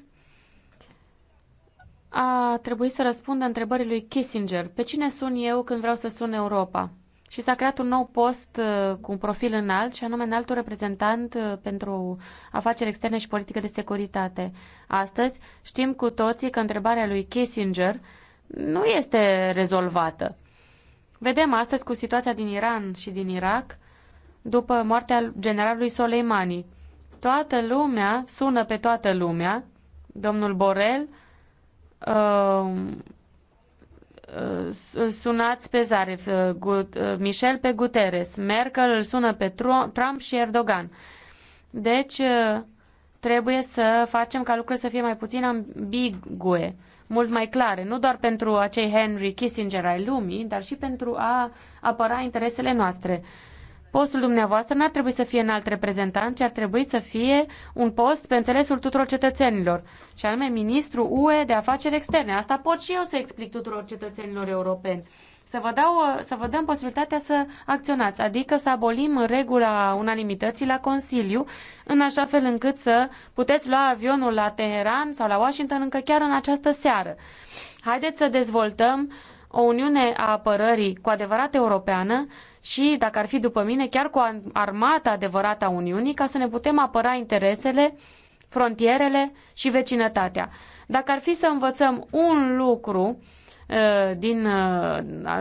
a trebuit să răspundă întrebării lui Kissinger, pe cine sun eu când vreau să sun Europa? Și s-a creat un nou post uh, cu un profil înalt, și anume înaltul reprezentant uh, pentru afaceri externe și politică de securitate. Astăzi știm cu toții că întrebarea lui Kissinger nu este rezolvată. Vedem astăzi cu situația din Iran și din Irak, după moartea generalului Soleimani. Toată lumea sună pe toată lumea, domnul Borel, îl um, uh, sunați pe Zarif, uh, uh, Michel pe Guterres, Merkel îl sună pe Trump și Erdogan. Deci trebuie să facem ca lucrurile să fie mai puțin ambigue, mult mai clare, nu doar pentru acei Henry Kissinger ai lumii, dar și pentru a apăra interesele noastre. Postul dumneavoastră n-ar trebui să fie înalt reprezentant, ci ar trebui să fie un post pe înțelesul tuturor cetățenilor, și anume ministru UE de afaceri externe. Asta pot și eu să explic tuturor cetățenilor europeni. Să vă, dau, să vă dăm posibilitatea să acționați, adică să abolim regula unanimității la Consiliu, în așa fel încât să puteți lua avionul la Teheran sau la Washington încă chiar în această seară. Haideți să dezvoltăm o uniune a apărării cu adevărat europeană, și, dacă ar fi după mine, chiar cu o armată adevărată a Uniunii ca să ne putem apăra interesele, frontierele și vecinătatea. Dacă ar fi să învățăm un lucru uh, din uh,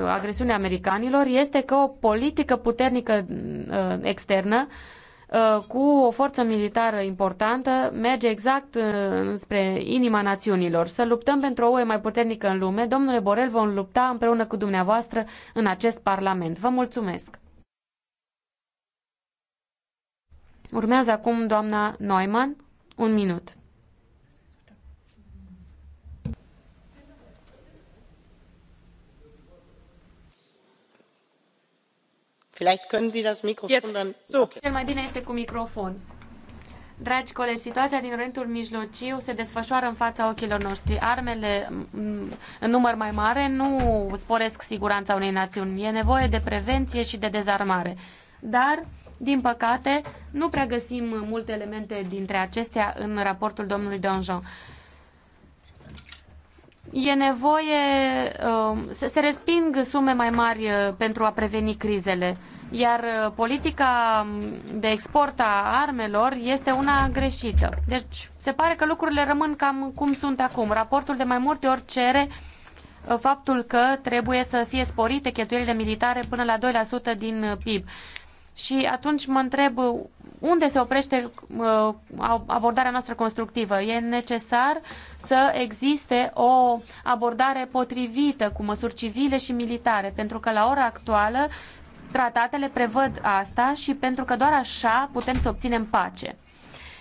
agresiunea americanilor este că o politică puternică uh, externă Uh, cu o forță militară importantă merge exact uh, spre inima națiunilor. Să luptăm pentru o UE mai puternică în lume. Domnule Borel, vom lupta împreună cu dumneavoastră în acest Parlament. Vă mulțumesc! Urmează acum doamna Neumann. Un minut. Dragi colegi, situația din Orientul Mijlociu se desfășoară în fața ochilor noștri. Armele în număr mai mare nu sporesc siguranța unei națiuni. E nevoie de prevenție și de dezarmare. Dar, din păcate, nu prea găsim multe elemente dintre acestea în raportul domnului danjean e nevoie, um, să se resping sume mai mari uh, pentru a preveni crizele, iar uh, politica um, de export a armelor este una greșită. Deci se pare că lucrurile rămân cam cum sunt acum. Raportul de mai multe ori cere uh, faptul că trebuie să fie sporite cheltuielile militare până la 2% din PIB. Și atunci mă întreb unde se oprește uh, abordarea noastră constructivă. E necesar să existe o abordare potrivită cu măsuri civile și militare, pentru că la ora actuală tratatele prevăd asta și pentru că doar așa putem să obținem pace.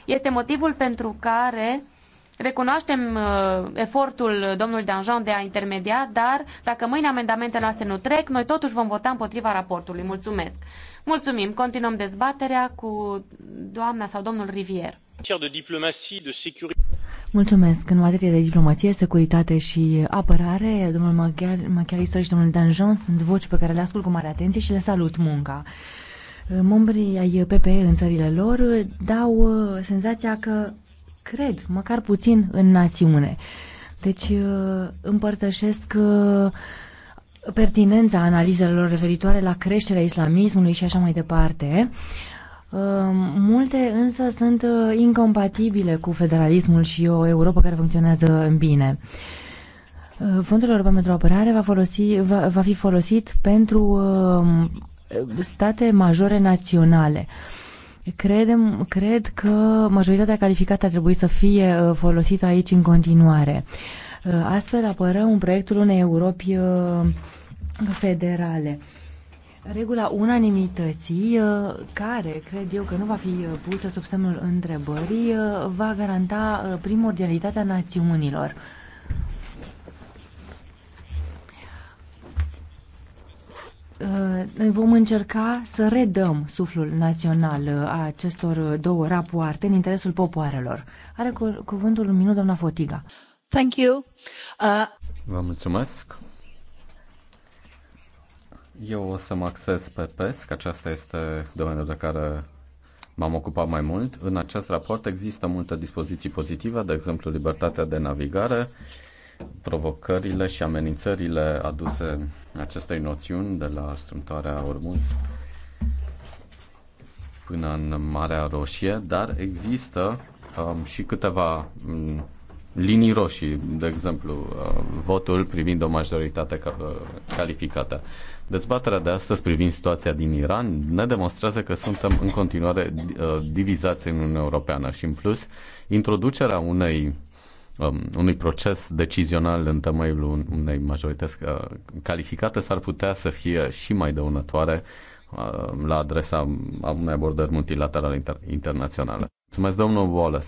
Este motivul pentru care Recunoaștem uh, efortul domnului Danjean de a intermedia, dar dacă mâine amendamentele noastre nu trec, noi totuși vom vota împotriva raportului. Mulțumesc! Mulțumim! Continuăm dezbaterea cu doamna sau domnul Rivier. Mulțumesc. În materie de diplomație, securitate și apărare, domnul McAllister și domnul Danjean sunt voci pe care le ascult cu mare atenție și le salut munca. Membrii ai PPE în țările lor dau uh, senzația că cred măcar puțin în națiune. Deci uh, împărtășesc uh, pertinența analizelor referitoare la creșterea islamismului și așa mai departe. Uh, multe însă sunt incompatibile cu federalismul și o Europa care funcționează bine. Fondul European pentru Apărare va, folosi, va, va fi folosit pentru state majore naționale. Uh, Credem, cred că majoritatea calificată ar trebui să fie uh, folosită aici în continuare. Uh, astfel apărăm proiectul unei Europi uh, federale. Regula unanimității, care cred eu că nu va fi pusă sub semnul întrebării, va garanta primordialitatea națiunilor. Uh, Noi vom încerca să redăm suflul național uh, a acestor uh, două rapoarte în interesul popoarelor. Are cu- cuvântul un minut doamna Fotiga. Thank you. Uh... Vă mulțumesc. Eu o să mă acces pe PESC, aceasta este domeniul de care m-am ocupat mai mult. În acest raport există multe dispoziții pozitive, de exemplu libertatea de navigare, uh, provocările și amenințările aduse acestei noțiuni de la strâmtoarea Ormuz până în Marea Roșie, dar există um, și câteva um, linii roșii, de exemplu, uh, votul privind o majoritate uh, calificată. Dezbaterea de astăzi privind situația din Iran ne demonstrează că suntem în continuare uh, divizați în Uniunea Europeană și, în plus, introducerea unei Um, unui proces decizional în temeiul unei majorități uh, calificate s-ar putea să fie și mai dăunătoare uh, la adresa a unei abordări multilaterale inter- internaționale. Mulțumesc, domnul Wallace.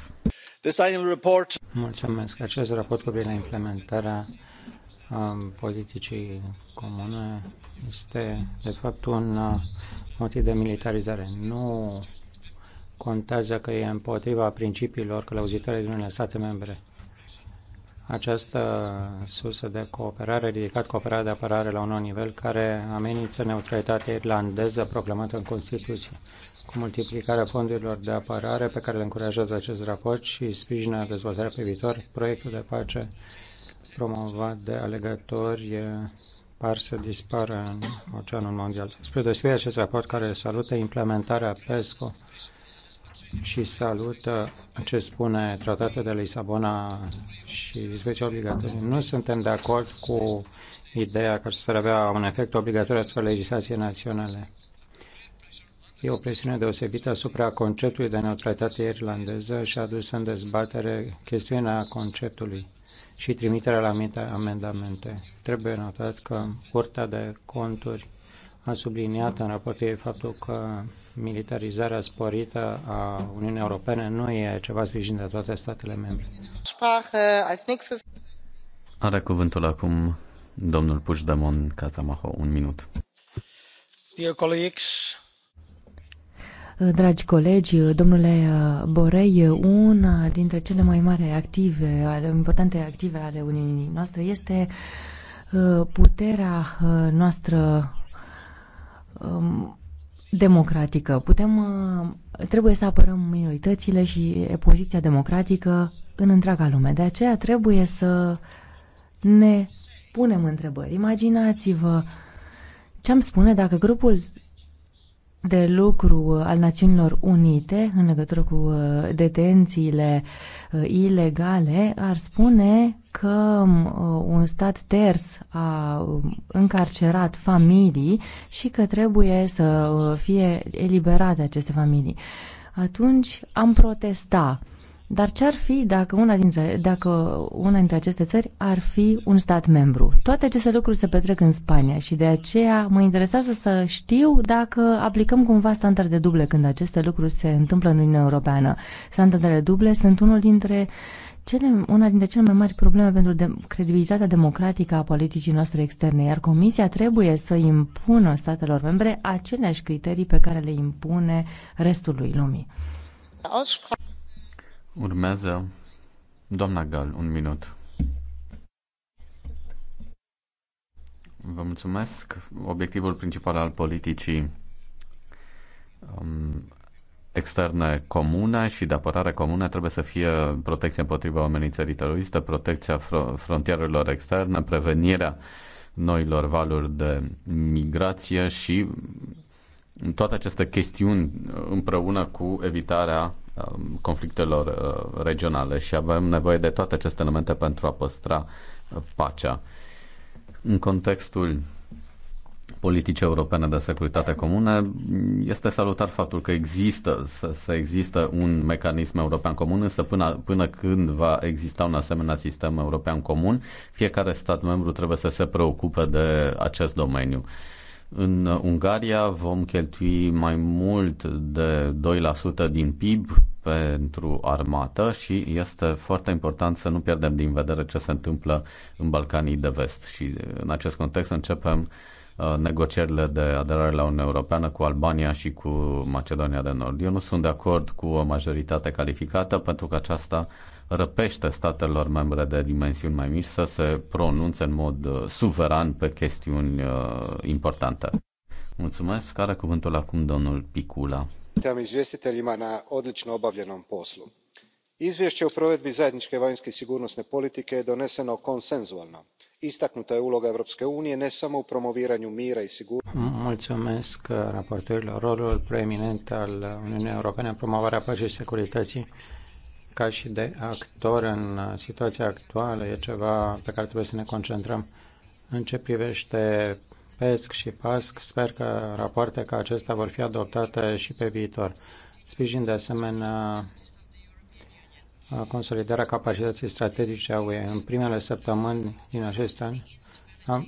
This report... Mulțumesc. Acest raport cu la implementarea um, politicii comune este, de fapt, un uh, motiv de militarizare. Nu contează că e împotriva principiilor clauzitoare din unele state membre această sursă de cooperare, ridicat cooperarea de apărare la un nou nivel, care amenință neutralitatea irlandeză proclamată în Constituție, cu multiplicarea fondurilor de apărare pe care le încurajează acest raport și sprijină dezvoltarea pe viitor, proiectul de pace promovat de alegători par să dispară în Oceanul Mondial. Spre deosebire acest raport care salută implementarea PESCO, și salută ce spune tratatul de Lisabona și special obligatorii. Nu suntem de acord cu ideea că să avea un efect obligatoriu asupra legislației naționale. E o presiune deosebită asupra conceptului de neutralitate irlandeză și a dus în dezbatere chestiunea conceptului și trimiterea la amendamente. Trebuie notat că Curtea de Conturi a subliniat în raportul ei faptul că militarizarea sporită a Uniunii Europene nu e ceva sprijin de toate statele membre. Are cuvântul acum domnul Pușdemon Cazamaho, un minut. Dragi colegi, domnule Borei, una dintre cele mai mari active, importante active ale Uniunii noastre este uh, puterea uh, noastră um, democratică. Putem, uh, trebuie să apărăm minoritățile și poziția democratică în întreaga lume. De aceea trebuie să ne punem întrebări. Imaginați-vă ce am spune dacă grupul de lucru uh, al Națiunilor Unite în legătură cu uh, detențiile uh, ilegale ar spune că um, un stat terț a um, încarcerat familii și că trebuie să fie eliberate aceste familii. Atunci am protestat. Dar ce ar fi dacă una, dintre, dacă una dintre aceste țări ar fi un stat membru? Toate aceste lucruri se petrec în Spania și de aceea mă interesează să știu dacă aplicăm cumva standarde duble când aceste lucruri se întâmplă în Uniunea Europeană. Standardele duble sunt unul dintre cele, una dintre cele mai mari probleme pentru de, credibilitatea democratică a politicii noastre externe, iar Comisia trebuie să impună statelor membre aceleași criterii pe care le impune restului lumii. Urmează doamna Gal, un minut. Vă mulțumesc. Obiectivul principal al politicii um, externe comune și de apărare comună trebuie să fie protecția împotriva amenințării teroriste, protecția fr- frontierelor externe, prevenirea noilor valuri de migrație și toată această chestiuni uh, împreună cu evitarea um, conflictelor uh, regionale și avem nevoie de toate aceste elemente pentru a păstra uh, pacea. În contextul politice europene de securitate comune, este salutar faptul că există, să, să există un mecanism european comun, însă până, până când va exista un asemenea sistem european comun, fiecare stat membru trebuie să se preocupe de acest domeniu. Uh, în Ungaria vom cheltui mai mult de 2% din PIB pentru armată și este foarte important să nu pierdem din vedere ce se întâmplă în Balcanii de Vest. Și în acest context începem uh, negocierile de aderare la Uniunea Europeană cu Albania și cu Macedonia de Nord. Eu nu sunt de acord cu o majoritate calificată pentru că aceasta răpește statelor membre de dimensiuni mai mici să se pronunțe în mod uh, suveran pe chestiuni uh, importante. Mulțumesc. Care cuvântul acum domnul Picula. Te-am izvestit, Elima, na odlično obavljenom poslu. Izvješće o provedbi zajedničke vanjske i sigurnosne politike je doneseno konsenzualno. Istaknuta je uloga Europske unije ne samo u promoviranju mira i sigurnosti. Mulțumesc uh, raportorilor. Rolul preeminent al Uniunii Europene în promovarea păcii și securității ca și de actor în situația actuală, e ceva pe care trebuie să ne concentrăm. În ce privește PESC și PASC, sper că rapoarte ca acestea vor fi adoptate și pe viitor. Sprijin de asemenea consolidarea capacității strategice a UE. În primele săptămâni din acest an am,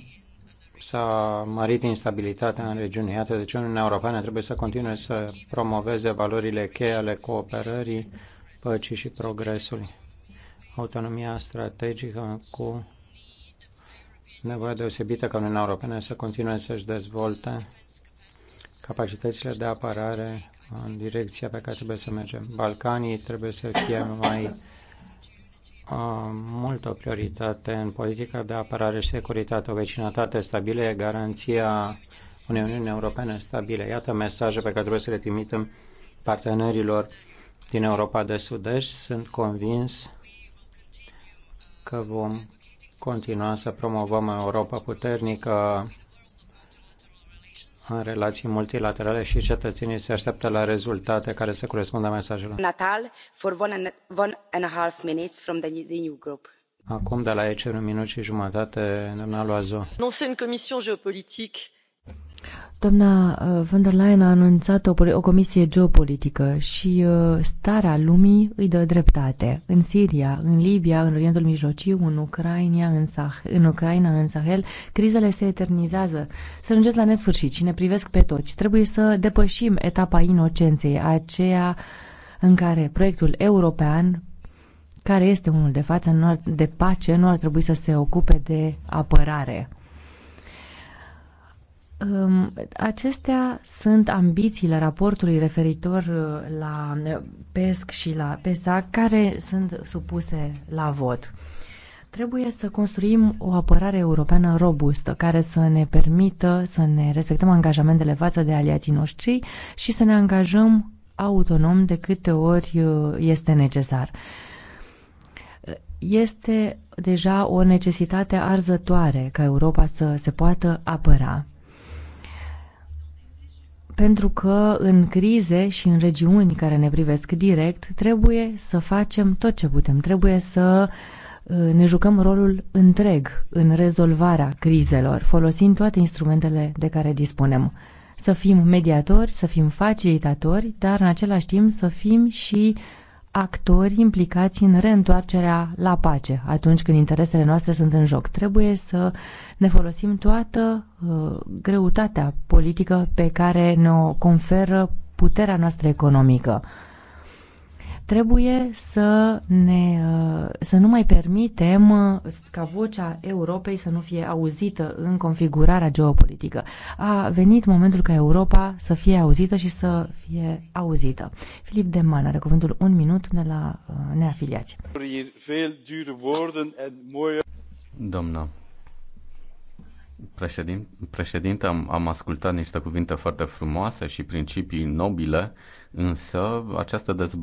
s-a mărit instabilitatea în regiune. Iată de ce Uniunea Europeană trebuie să continue să promoveze valorile cheie ale cooperării păcii și progresului. Autonomia strategică cu nevoie deosebită ca Uniunea Europeană să continue să-și dezvolte capacitățile de apărare în direcția pe care trebuie să mergem. Balcanii trebuie să fie mai uh, mult o prioritate în politica de apărare și securitate. O vecinătate stabilă e garanția unei Uniuni Europene stabile. Iată mesaje pe care trebuie să le trimitem partenerilor din Europa de Sud-Est, sunt convins că vom continua să promovăm Europa puternică în relații multilaterale și cetățenii se așteaptă la rezultate care să corespundă mesajelor. Natal, for one and, one and a half minutes from the, new group. Acum, de la aici, un minut și jumătate, doamna Aloazo. Non, c'est une commission géopolitique Doamna uh, von der Leyen a anunțat o, o comisie geopolitică și uh, starea lumii îi dă dreptate. În Siria, în Libia, în Orientul Mijlociu, în Ucraina, în, Sah- în Ucraina, în Sahel, crizele se eternizează, se ajungesc la nesfârșit și ne privesc pe toți. Trebuie să depășim etapa inocenței, aceea în care proiectul european care este unul de față, de pace, nu ar trebui să se ocupe de apărare. Acestea sunt ambițiile raportului referitor uh, la uh, PESC și la PESA care sunt supuse la vot. Trebuie să construim o apărare europeană robustă care să ne permită să ne respectăm angajamentele față de aliații noștri și să ne angajăm autonom de câte ori uh, este necesar. Este deja o necesitate arzătoare ca Europa să se poată apăra pentru că în crize și în regiuni care ne privesc direct, trebuie să facem tot ce putem. Trebuie să uh, ne jucăm rolul întreg în rezolvarea crizelor, folosind toate instrumentele de care dispunem. Să fim mediatori, să fim facilitatori, dar în același timp să fim și actori implicați în reîntoarcerea la pace atunci când interesele noastre sunt în joc. Trebuie să ne folosim toată uh, greutatea politică pe care ne-o conferă puterea noastră economică. Uh, Trebuie să, ne, uh, să nu mai permitem uh, ca vocea Europei să nu fie auzită în configurarea geopolitică. A venit momentul ca Europa să fie auzită și să fie auzită. Filip Man are cuvântul un minut de la uh, neafiliați. Doamna președinte, am, am ascultat niște cuvinte foarte frumoase și principii nobile, însă această dezbatere